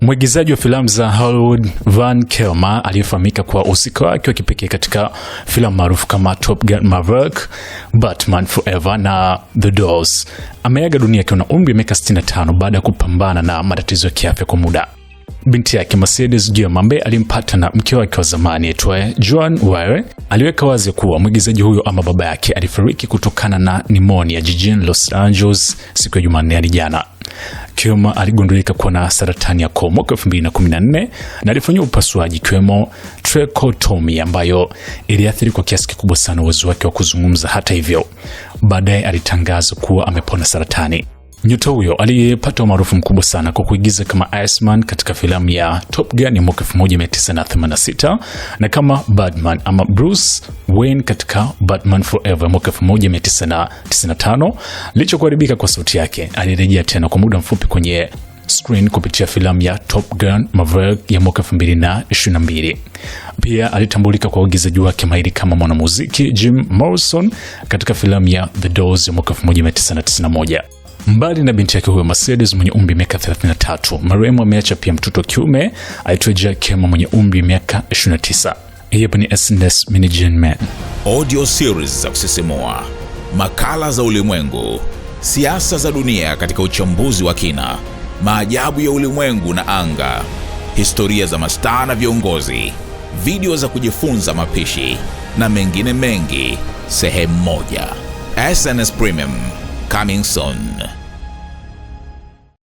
Mwigizaji wa filamu za Hollywood van Kilmer aliyefahamika kwa uhusika wake wa kipekee katika filamu maarufu kama Top Gun Maverick, Batman Forever na The Doors ameaga dunia akiwa na umri wa miaka 65 baada ya kupambana na matatizo ya kiafya kwa muda. Binti yake Mercedes ambaye alimpata na mke wake wa zamani aitwaye Joan wire aliweka wazi kuwa mwigizaji huyo ama baba yake alifariki kutokana na nimonia jijini Los Angeles siku ya Jumanne hadi jana. Kiwema aligundulika kuwa na saratani ya koo mwaka 2014 na alifanyiwa upasuaji ikiwemo trachotomy ambayo iliathiri kwa kiasi kikubwa sana uwezo wake wa kuzungumza. Hata hivyo, baadaye alitangaza kuwa amepona saratani. Nyota huyo aliyepata umaarufu mkubwa sana kwa kuigiza kama Iceman katika filamu ya Top Gun ya mwaka 1986 na kama Batman ama Bruce Wayne katika Batman Forever mwaka 1995. Licha kuharibika kwa sauti yake, alirejea tena kwa muda mfupi kwenye screen kupitia filamu ya Top Gun Maverick ya mwaka 2022. Pia alitambulika kwa uigizaji wake mahiri kama mwanamuziki Jim Morrison katika filamu ya The Doors ya mwaka 1991. Mbali na binti yake huyo Mercedes mwenye umri miaka 33, marehemu ameacha pia mtoto kiume aitwaye kema mwenye umri miaka 29. Hiyo ni SnS Minijin Man. Audio series za kusisimua, makala za ulimwengu, siasa za dunia katika uchambuzi wa kina, maajabu ya ulimwengu na anga, historia za mastaa na viongozi, video za kujifunza mapishi na mengine mengi, sehemu moja. SnS Premium coming soon.